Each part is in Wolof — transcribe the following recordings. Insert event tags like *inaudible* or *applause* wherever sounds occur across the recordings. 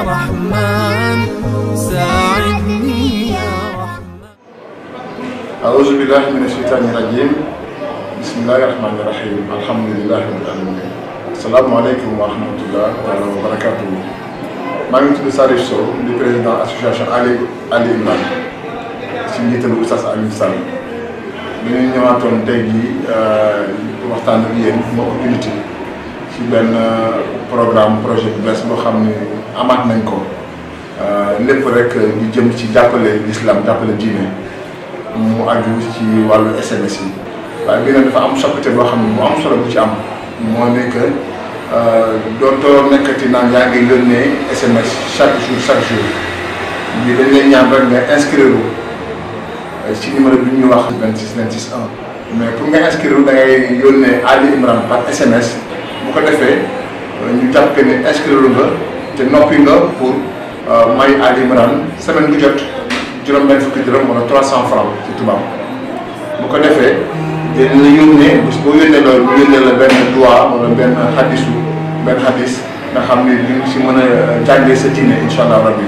يا رحمن ساعدني يا رحمن أعوذ بالله من الشيطان الرجيم بسم الله الرحمن الرحيم الحمد لله رب العالمين asalaamaaleykum wa rahmatulah taala wa barakaatu maa ngi tudd Salif Sow di président association Ali Ali Imran si njiitalu Oustaz Alioune Sall ñu ngi ñëwaatoon tey jii euh, waxtaan ak yéen ma opportunité ci benn euh, programme projet bu bees boo xam ne amaat nañ ko euh, lépp rek ñu jëm ci jàppale lislaam jàppale diine mu aju ci wàllu SMS yi waaye bi nag dafa am soppite boo xam ne mu am solo bu ci am moo nekk euh, dootoo nekkati naan yaa ngi yónnee SMS chaque jour chaque jour ñi dañ lay ñaan rek nga inscrire euh, ci numéro bi ñu wax 26 26 1 mais pour nga inscrire da ngay yónnee Ali Imran par SMS bu ko defee ñu jàpp que ne inscrire ba te noppi nga pour euh, may Aly Imran semaine bu jot juróom-benn fukki dërëm wala 300 francs ci tubaab bu ko defee dinañ la yónnee bés boo yónnee loolu mu yónnee la benn doigt wala benn xadisu benn xadis nga xam ni li si mën a euh, jàngee sa diine incha allah rabbi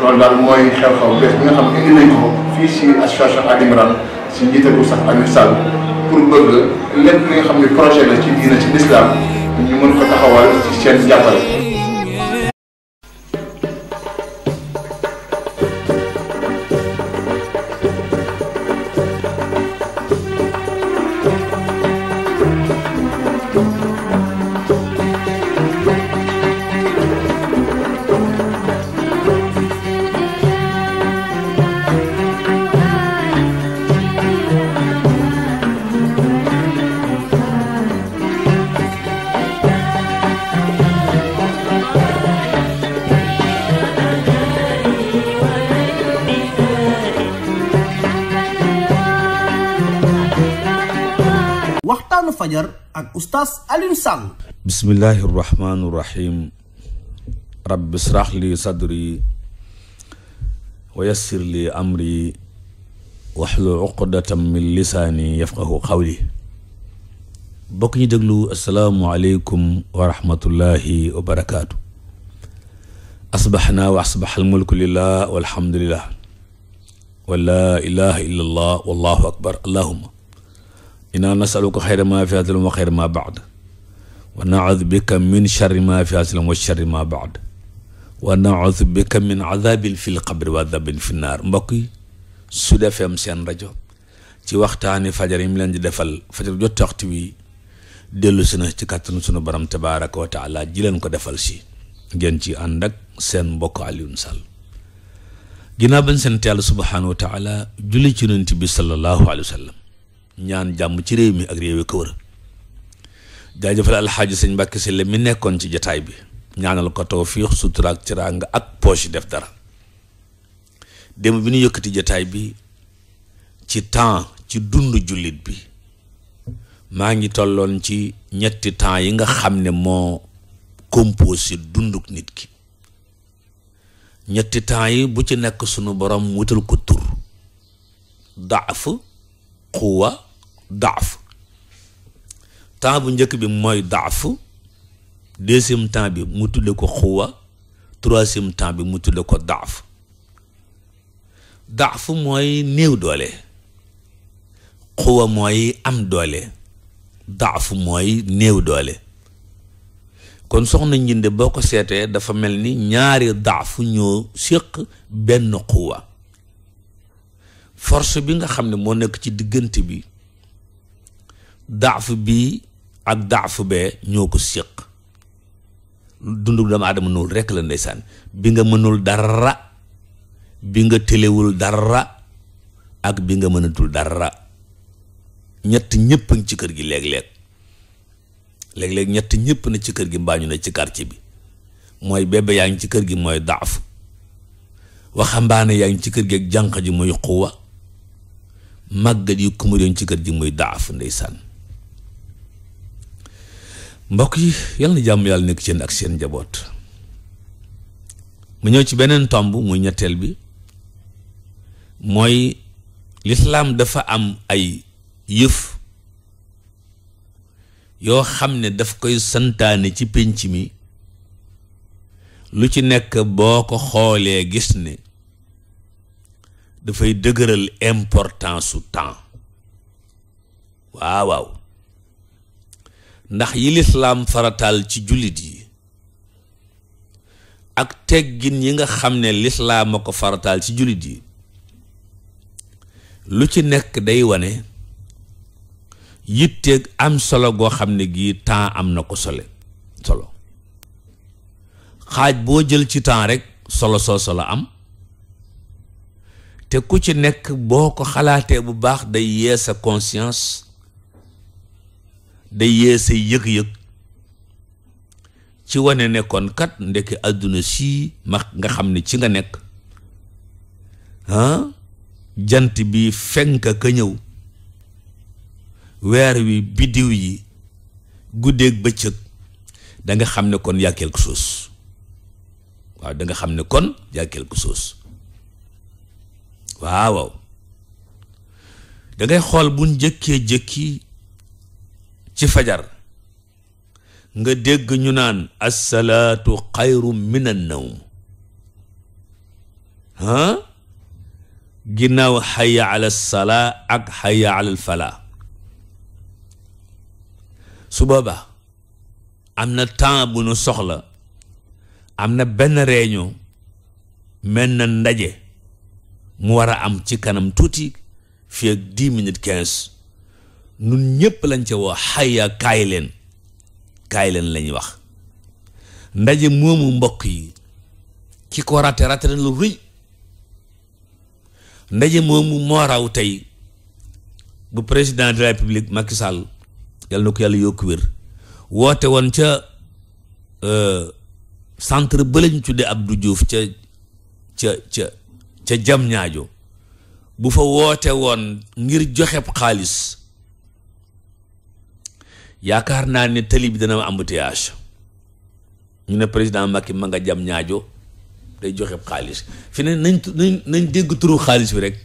loolu daal mooy xew-xew bés bi nga xam ne indi nañ ko fii si association Aly Imran si njiitagu sax Aliou Sall pour bëgg lépp li nga xam ne projet la ci diine ci l'islam ñu mën ko taxawal waxtaanu fajar ak oustaz Alioune Sall bismillahi rahmaani rahim rabbi israh li sadri wa yassir li amri waxlul uqdatam min lisaani yafqahu qawli bokk ñu déglu asalaamualeykum wa rahmatullahi wa barakaatu asbaxnaa wa asbaxal mulku lillah walhamdulillah wa laa ilaha illa allah wallahu akbar allahuma inaa nasaluka xayra ma fi haasalam wa xayra ma baad wa naaudu bika min charri ma fi haasalam wa charri ma baad wa naaudu bika min adabin fi lqabri wa adabin fi naar mbokk yi Sud FM seen rajo ci waxtaani fajar yim leen di defal fajar jot waxtu wi dellu si ci kàttanu sunu borom tabaaraka wa taala ko defal si ngeen ci ànd ak seen mbokk Alioune Sall ginnaaw bañ seen te yàlla subhaanahu wa taala julli ci yonent bi sallallahu alayhi wa ñaan jàmm ci réew mi ak réew yi ko wër jaajëfal alxaaji sëñ Mbàkke Sylla mi nekkoon ci jataay bi ñaanal ko tawfiix sutura ak teraanga ak poche def dara démb bi ñu yëkkati jataay bi ci temps ci dund jullit bi maa ngi tolloon ci ñetti temps yi nga xam ne moo composé dunduk nit ki ñetti temps yi bu ci nekk sunu borom wutal ko tur daaf quwa daaf temps bu njëkk bi mooy daaf deuxième temps bi mu tudde ko xuwa troisième temps bi mu tudde ko daaf daaf mooy néew doole xuwa mooy am doole daaf mooy néew doole kon soxna njinde boo ko seetee dafa mel ni ñaari daaf ñoo séq benn xuwa force bi nga xam ne moo nekk ci diggante bi daaf bii ak daaf bee ñoo ko séq dundu dama adama noonu rekk la ndeysaan bi nga mënul dara bi nga téléwul dara ak bi nga mënatul dara ñett ñëpp ci kër gi léeg-léeg léeg ñett ñëpp na ci kër gi mbaañu na ci quartier bi mooy bébé yaa ngi ci kër gi mooy daaf waxambaane yaa ngi ci kër gi ak jànq ji muy xuwa màggat yu ku mu doon ci kër ji muy daaf ndeysaan mbokk yi yal na jàmm yàlla nekk seen ak seen njaboot mu ñëw ci beneen tomb muy ñetteel bi mooy lislaam dafa am ay yëf yoo xam ne daf koy santaane ci pinc mi lu ci nekk boo ko xoolee gis ne dafay dëgëral importance su temps waaw waaw ndax yi lislaam farataal ci jullit yi ak teggin yi nga xam ne lislaam ko farataal ci jullit yi lu ci nekk day wane yitteeg am solo goo xam ne gii temps am na ko sole solo xaaj boo jël ci temps rek solo soo solo am te ku ci nekk boo ko xalaatee bu baax day yee sa conscience day yee sa yëg-yëg ci wane nekkoon kat ndekki àdduna sii ma nga xam ne ci nga nekk ah, jant bi fenk ka ñëw weer wi biddiw yi guddeeg bëccëg da nga xam ne kon yaa quelque chose waaw da xam ne kon yaa quelque chose waaw da xool buñ jëkkee jëkki ci fajar nga dégg ñu naan assalaatu xayru min an nawm ah ginnaaw xaya ala salaa ak xaya ala falaa su boobaa am na temps bu ñu soxla am na benn réunion mel na ndaje mu war a am ci kanam tuuti fii ak dix quinze nun ñëpp lañ ca woo xayya kaay leen kaay leen lañ wax ndaje moomu mbokk yi ki ko raté raté na lu rëy ndaje moomu moo raw tey bu président de la république Macky Sall yàlla na ko yàlla yokku wér woote woon ca euh, centre ba lañ tudde Abdou ca ca ca ca jam ñaajo bu fa woote woon ngir joxeb xaalis yaakaar naa ne tali bi dana embouteillage ñu ne président Macky ma nga jam ñaajo day joxeb xaalis fi ne nañ nañ dégg turu xaalis bi rek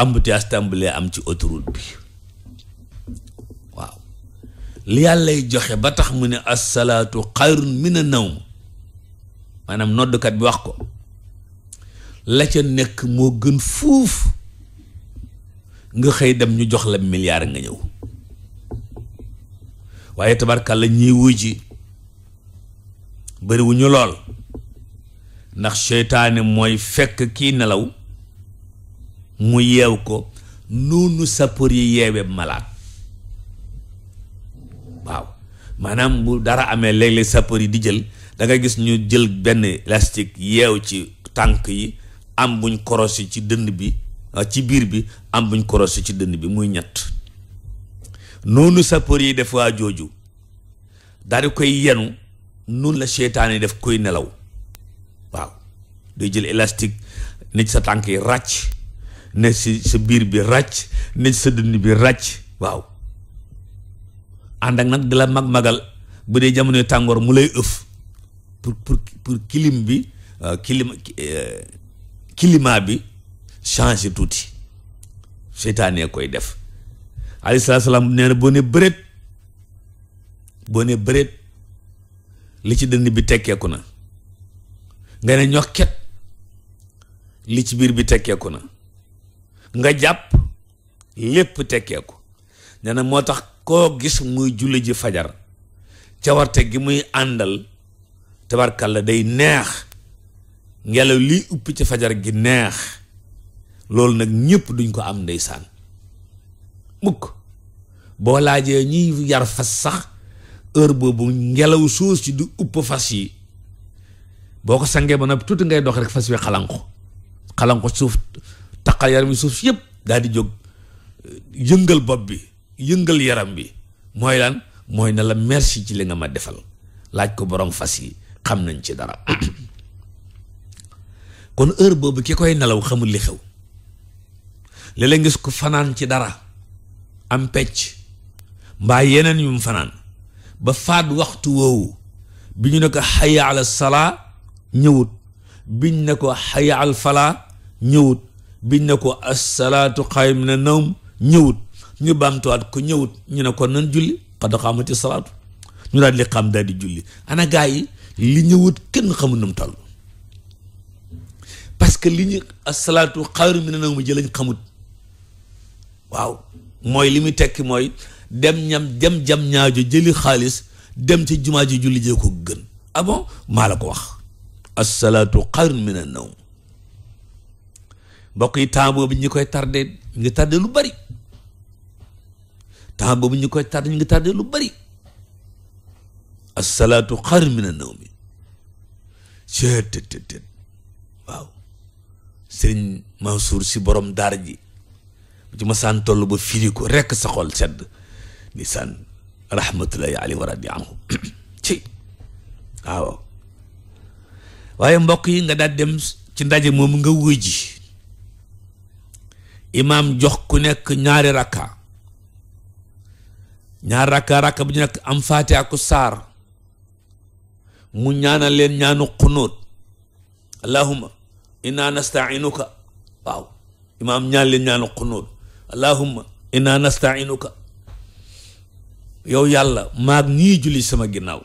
embouteillage tàmbalee am ci autoroute bi waaw li yàllay joxe ba tax mu ne asalaatu xayrun mina nawm maanaam noddkat bi wax ko la ca nekk moo gën fuuf nga xëy dem ñu jox la milliard nga ñëw waaye tabarkàlla ñiy wuy ji bëriwu lool ndax seytaane mooy fekk kii nelaw mu yeew ko noonu sapeur yi yeewe malaat waaw maanaam bu dara amee léeg-léeg yi di jël da gis ñu jël benn élastique yeew ci tànk yi am buñ korosi ci dënn bi ah, ci biir bi am buñ korosi ci dënn bi muy ñett noonu sapeur yi def waa jooju daal koy yenu noonu la seytaane def koy nelaw waaw day jël élastique ne sa tànk yi ràcc ne sa biir bi ràcc ne sa dënn bi ràcc waaw ànd ak nag di la mag magal bu dee jamonoy tàngoor mu lay ëf pour pour kilim bi ah, kilim eh, climat bi changé tuuti seytaanee koy def aleyhi salaatu salaam nee na boo ne bëreet boo ne bëreet li ci dënn bi tekkeeku na nga ne ket li ci biir bi tekkeeku na nga jàpp lépp tekkeeku nena moo tax koo gis muy julli ji fajar cawarte gi muy àndal tabarkalla day neex ngelaw liy upp ci fajar gi neex loolu nag ñëpp duñ ko am ndeysaan mukk boo laajee ñuy yar fas sax heure boobu ngelaw soos ci du upp fas yi boo ko sangee ba noppi tuuti ngay dox rek fas wi xalanko xalanko suuf taqal yaram yi suuf yëpp daal di jóg yëngal bopp bi yëngal yaram bi mooy lan mooy na la merci ci li nga ma defal laaj ko borom fas yi xam nañ ci dara *clears throat* kon heure boobu ki koy nelaw xamul li xew léeg-léeg ngis ko fanaan ci dara am pecc mbaa yeneen yum fanaan ba faat waxtu woowu bi ñu ne ko xaya ala salaa ñëwut biñ ne ko xaya al falaa ñëwut biñ ne ko assalaatu xaayim na nawm ñëwut ñu baamtuwaat ko ñëwut ñu ne ko nan julli xad xaamati salaatu ñu daal li xam daal di julli ana gaa li ñëwut kenn xamul nu mu toll que li ñu asalaatu xayru mina nawmi ji xamut waaw mooy li muy tekki mooy dem ñam dem jam ñaajo jëli xaalis dem ci jumaa ji julli ko gën ah maa la ko wax asalaatu xayrun mina nawm mbokk yi temps boobu ñu koy tardé ñu ngi tardé lu bari temps boobu ñi koy tardé ñu ngi tardé lu bari asalaatu xayrun mina mi sëriñ Mansour si borom daar ji bu ci ma saan toll ba firi rekk sa xol sedd di saan rahmatullahi alayhi wa *coughs* waaye mbokk yi nga daal dem ci ndaje moom nga wuy ji imaam jox ku nekk ñaari rakka ñaar rakka rakka bu ñu nekk am faatiha ku saar mu ñaanal leen ñaanu xunóot allahuma inna nastainuka waaw imaam ñaan leen ñaanu xunuut allahumma inna nastainuka yow yàlla maag ñii julli sama ginnaaw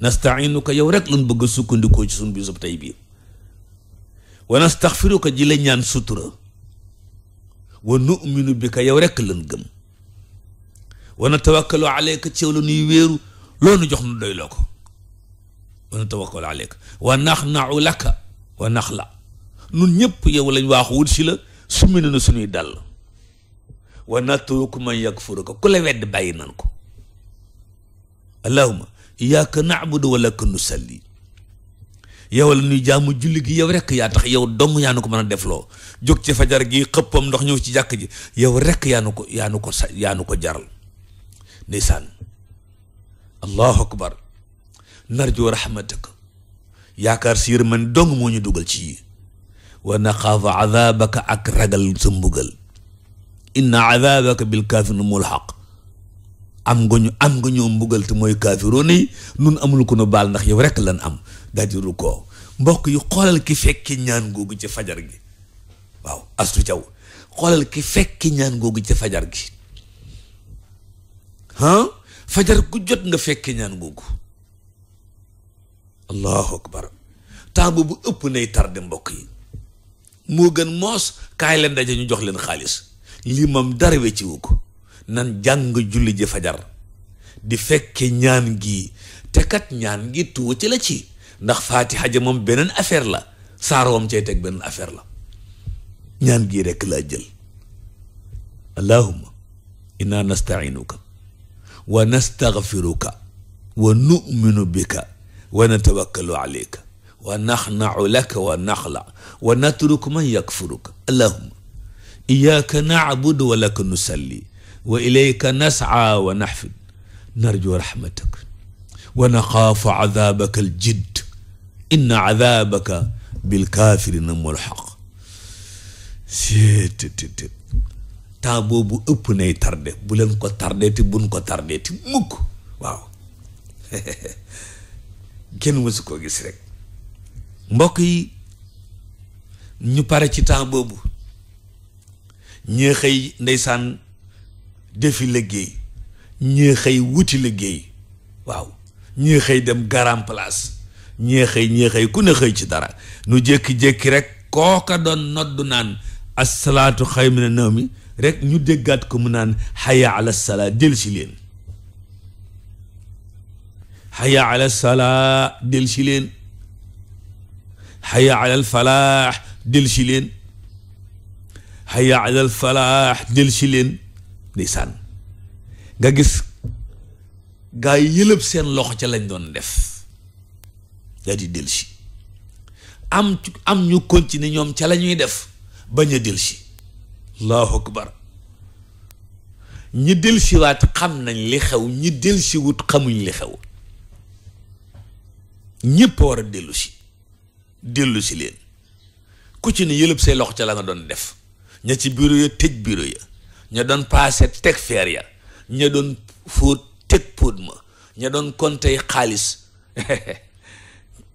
nastainuka yow rek lan bëgg a sukkandikoo ci suñ bisub tey bii wa nastaxfiruka ji la ñaan sutura wa nu'minu bika yow rek lan gëm wa natawakkalu alayka ci yow nuy wéeru loonu jox nu doyloo ko wa natawakkalu alayka wa naxnau laka wa nax la nun ñëpp yow lañ waax wut si la summi na suñuy dàll wa natruku man yakfuru ko ku la wedd bàyyi nan ko allahuma iyyaka na'budu wa laka nusalli yow la ñuy jaamu julli gi yow rekk yaa tax yow dong yaa nu ko mën a defloo jóg ci fajar gi xëppam ndox ñëw ci jàkk ji yow rekk yaa nu ko yaa ko sa yaa nu ko jaral ndeysaan allahu akbar narju rahmataka yaakaar si yërmande dong moo ñu dugal ci yi wa naxaafa adaabaka ak ragal sa mbugal inna adaabaka bil kaafirina mulhaq am nga ñu am nga ñoo mbugal te mooy kaafiroon amul ko nu baal ndax yow rekk lan am daldi rukkoo mbokk yi xoolal ki fekki ñaan googu ci fajar gi waaw astu caw xoolal ki fekki ñaan googu ci fajar gi fajar gu jot nga fekki ñaan googu allahu akbar temps boobu ëpp nay tardé mbokk yi moo gën moos kaay leen daje ñu jox leen xaalis lii moom dara wecciwu ko nan jàng julli ji fajar di fekke ñaan gi te kat ñaan gi tuuti la ci ndax faatiha ja moom beneen affaire la saar wam cay teg beneen affaire la ñaan gi rekk laa jël allahumma inna nasta'inuka wa nastaghfiruka wa nu'minu bika wa natawakkalu alayka wa naxnau laka wa naxla wa natruk man yakfuruka allahuma iyaaka nacbudu wa laka nusalli wa ilayka nascaa wa naxfid narju raxmatak wa naxaafu cadaabaka aljidd inna cadaabaka bilkaafirina mulxaq seet tet temps boobu ëpp nay tardé bu leen ko tardé ti buñ ko tardé ti mukk waaw *laughs* kenn mësu koo gis rek mbokk yi ñu pare ci temps boobu ñee xëy ndeysaan defi liggéey ñee xëy wuti liggéey waaw ñee xëy dem garam place ñee xëy ku ne xëy ci dara nu jékki-jékki rek kooka doon noddu naan assalaatu xayma ne naw mi rek ñu déggaat ko mu naan xaya ala salaa jël si leen xaya ala salaa del si leen xaya ala falaax del si leen xaya ala falaax si leen ndeysaan nga gis gaa yi yëlëb seen loxo ca lañ doon def daa del si am ñu continuer ñoom ca la ñuy def bañ a del si allahu akbar ñi del si waat xam nañ li xew ñi del si wut xamuñ li xew ñëpp war a dellu si dellu si leen ku ci ne yëlëb say loxo ca la nga doon def ña ci bureau ya tëj bureau ya ña doon paase teg feer ya ña doon fóot teg póot ma ña doon compter xaalis *laughs*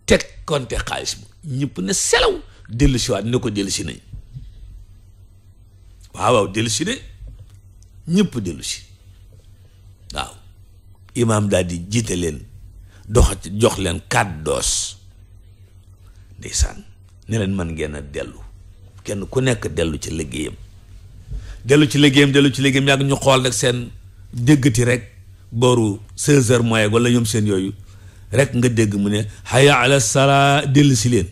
teg compter xaalis ma ñëpp ne selaw dellu si waat ne ko dellu si nañ waaw waaw dellu si waaw imaam daal di jiite leen dox jox leen quatre doses ndeysaan ne leen mën ngeen a dellu kenn ku nekk dellu ci liggéeyam dellu ci liggéeyam dellu ci liggéeyam yàgg ñu xool rek seen déggati rek booru seize heures moyen wala ñoom seen yooyu rek nga dégg mu ne haya ala sala dellu si leen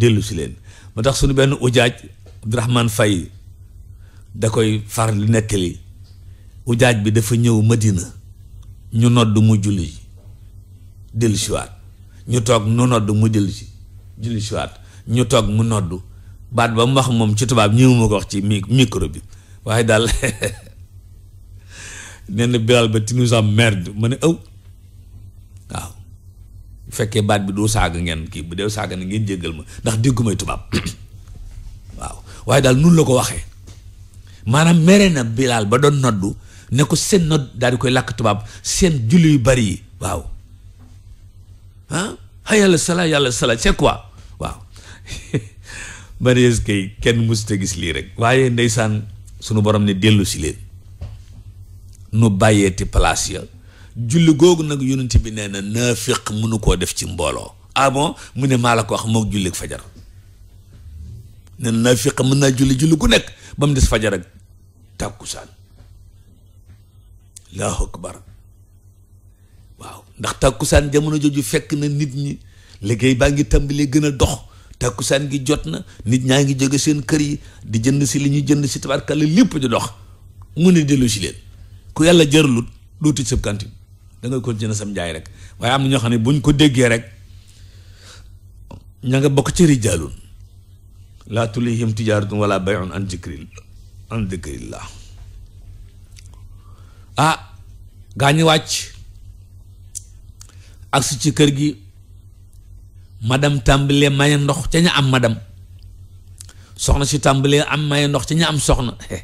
dellu si leen mu tax suñu benn ujaaj Abdourahman Faye da koy far nekk li nettali ujaaj bi dafa ñëw ma dina ñu nodd mu julli dellu siwaat ñu toog nu nodd mu dellu si julli siwaat ñu toog mu nodd baat ba mu wax moom ci tubaab ñëw ma ko wax ci micro bi waaye daal *laughs* nee na Bilal ba ti nous emmerde ma ne ëw waaw fekkee baat bi du saaga ngeen kii bu dee saaga na ngeen jéggal ma ndax déggumay tubaab *coughs* waaw waaye daal nun la ko waxee maanaam mere na ba doon noddu ne ko seen nodd daal di koy làkk tubaab seen julli yu bari yi waaw ah yàlla sala yàlla sala c'est quoi waaw *laughs* maries kay kenn musuta gis lii rek waaye ndeysaan sunu borom ni dellu si leen nu bàyyeeti place ya julli googu nag yonent bi nee na naafiq mënu koo def ci mbooloo ah mu ne maa la ko wax mook julli fajar nee na naafiq mën naa julli julli gu nekk ba mu des fajar ak tàkkusaan allahu akbar waaw ndax tàkkusaan jamono jooju fekk na nit ñi liggéey baa ngi tàmbalee gën a dox tàkkusaan gi jot na nit ñaa ngi jóge seen kër yi di jënd si li ñuy jënd si tabarkalla lépp di dox mu ne dellu si leen ku yàlla jëralut doo tëj sab kantin da ngay continuer sam njaay rek waaye am ñoo xam ne buñ ko déggee rek ña nga bokk ci rijaalun laa tulihim tijaratun wala bay'un an zikril an zikrillah ah gaa ñi wàcc agsi ci kër gi madam tàmbalee maye ndox ca ña am madam soxna si tàmbalee am maye ndox ca ña am soxna *laughs*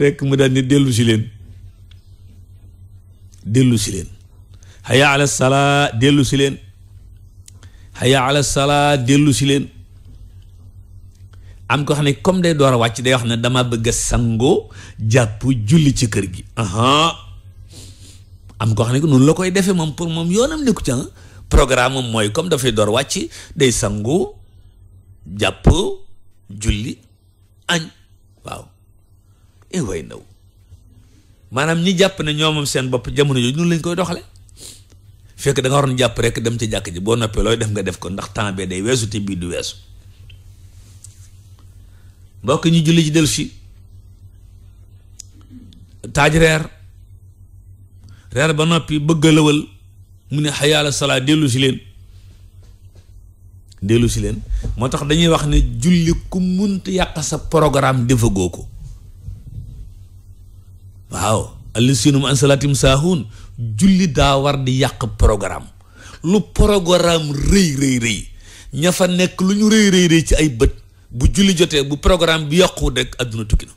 rekk mu daal ni dellu leen dellu si leen haya ala salaa leen haya ala salaa dellu si leen am ko xam ne comme day door wàcc day wax na dama bëgg a sangoo jàpp julli ci kër gi am ko xam ne noonu la koy defee moom pour moom yoonam nekku ca programme am mooy comme dafay door wàcc day sangu jàpp julli añ waaw e way ndaw maanaam ñi jàpp ne ñoom seen bopp jamono jooju noonu lañ koy doxale fekk da nga waroon jàpp rek dem ci jàkk ji boo noppee looy def nga def ko ndax temps day weesu te bii du weesu mbokk ñu julli ci dellusi si taaj reer reer ba noppi bëgg lëwal mu ne xayaala salaa dellu dellusi leen dellu leen moo tax dañuy wax ne julli ku munt yàq sa programme defagoo ko waaw allasinum an salaatim saahuun julli daa war di yàq programme lu programme rëy rëy rëy ña fa nekk lu ñu rëy rëy rëy ci ay bët bu julli jotee bu programme bi yàqu rek adduna tukki na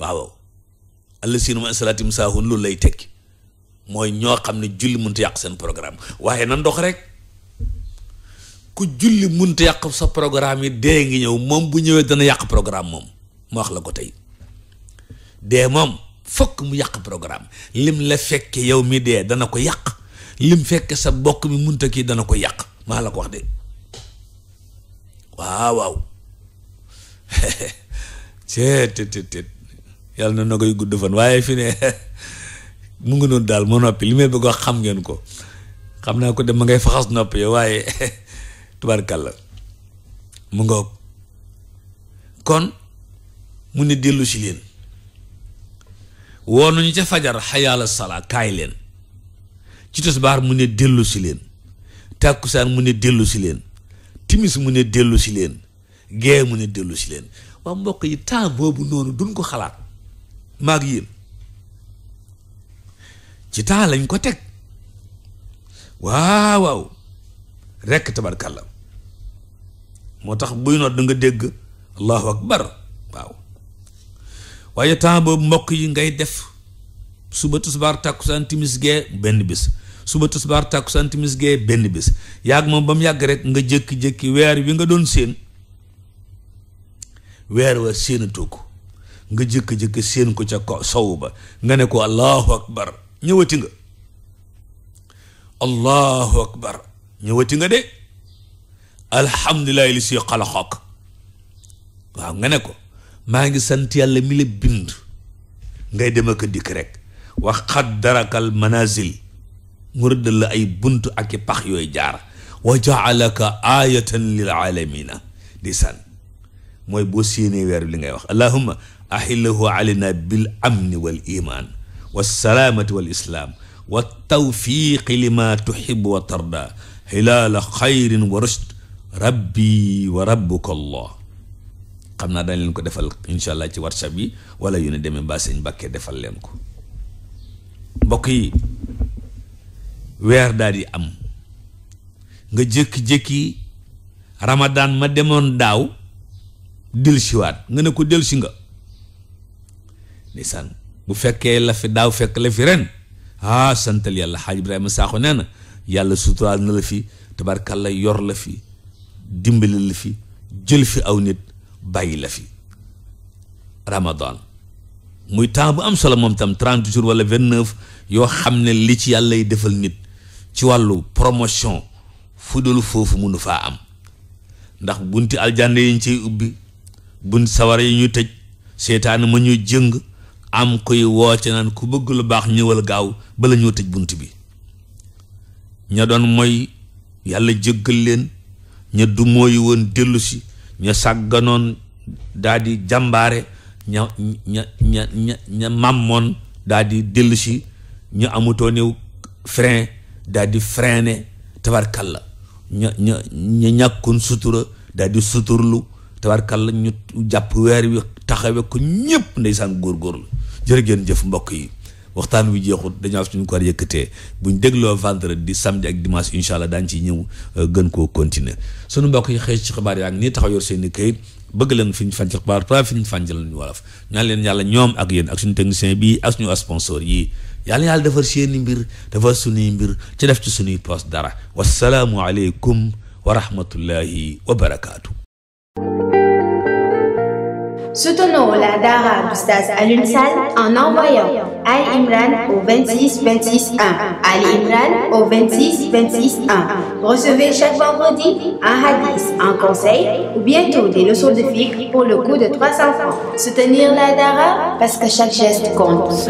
waaw alla sinum asalaatim saahun loolu lay tekki mooy ñoo xam ne julli mënta yàq seen programme waaye nan dox rek ku julli mënta yàq sa programme yi dee ngi ñëw moom bu ñëwee dana yàq programme moom ma wax la ko tey dee moom fokk mu yàq programme lim la fekke yow mi dee dana ko yàq lim fekke sa bokk mi munta kii dana ko yàq maa la ko wax de waaw waaw ceet tet tet yàlla na na koy gudd fan waaye fi ne *laughs* mu ngi noonu daal ma noppi li may bëgg wax xam ngeen ko xam naa ko dem ma noppi waaye *laughs* tubaarkàlla mu nga kon mu ne dellu si leen woonuñu ca fajar xayaala salaa kaay leen ci tisbaar mu ne dellu si leen tàkkusaan mu ne dellu si leen timis mu ne dellu si leen gee mu ne dellu si leen waa mbokk yi temps boobu noonu duñ ko xalaat maag yi ci temps lañ ko teg waaw waaw rekk tabarkàlla moo tax buy noot da nga dégg allahu akbar waaw waaye temps boobu mbokk yi ngay def suba tisbaar tàkkusaan timis gee benn bis suba tisbaar tàkkusaan timis gee benn bis yàgg moom ba mu yàgg rek nga jékki-jékki weer wi nga doon séen weer wa séenatoo ko nga jékki-jékki séen ko ca ko sow ba nga ne ko allahu akbar ñëwati nga allahu akbar ñëwati nga de alhamdulilahi li si xalaxook waaw nga ne ko maa ngi sant yàlla mi la bind ngay dem ak dikk rek wax xaddarakal manazil mu rëddal la ay bunt ak i pax yooyu jaar wa jaalaka ayatan lil alamina di san mooy boo séenee weer bi li ngay wax allahumma ahillahu alayna bil amni wal iman wassalaamati wal islaam wa tawfiqi lima tuhibu wa tarda xilaala xayrin wa rushd rabbi wa rabbuka allah xam naa dañ leen ko defal incha allah ci whatsapp yi wala yu ne demee mbaa sëñ Mbàkke defal leen ko mbokk yi weer daal yi am nga jékki-jékki ramadaan ma demoon daaw dellusiwaat nga ne ko dellusi nga ndeysaan bu fekkee la fi daaw fekk la fi ren ah santal yàlla xaaj Ibrahima Sakho nee na yàlla suturaal na la fi tabarkalla yor la fi dimbali la fi jël fi aw nit bàyyi la fi ramadaan muy temps bu am solo moom tam 30 jours wala 29 yoo xam ne li ci yàlla lay defal nit ci wàllu promotion fu dul foofu mënu faa am ndax bunti aljanna yi ñu ciy ubbi bunti sawar yi ñu tëj seetaan ma ñu jëng am koy woote naan ku bëgg lu baax ñëwal gaaw bala ñoo tëj bunt bi ña doon mooy yàlla jëggal leen ña du mooyu woon dellu si ña sàgganoon daa di jàmbaare ña ña ña ña màmmoon daa di dellu si amutoo amutoone frein daal di ne freiné la ña ña ña ñàkkoon sutura daal di suturlu tabarkalla ñu jàpp weer wi taxawe ko ñëpp góor góorgóorlu jërë ngeen jëf mbokk yi waxtaan wi jeexut dañoo am suñu ko war yëkkatee buñ dégloo vendredi samedi ak dimanche incha allah daañu ciy ñëw euh, gën koo continuer sunu mbokk yi xëy ci xibaar yaa ngi nii yor seen i këyit bëgg leen fi ñu fànc xibaar pa fi ñu fànc leen wolof ñaan leen yàlla ñoom ak yéen ak suñu technicien bi ak suñu sponsor yi yàlla yàlla defar seeni mbir defar sunuy mbir ci def ci sunuy poos dara wassalaamu aleykum wa rahmatullahi wa barakaatu. Soutenons la Dara d'Oustaz Alun en envoyant Ali Imran au 26 Imran au Recevez chaque vendredi un hadith, un conseil ou bientôt des leçons de fiqh pour le coût de 300 francs. Soutenir la Dara parce que chaque geste compte.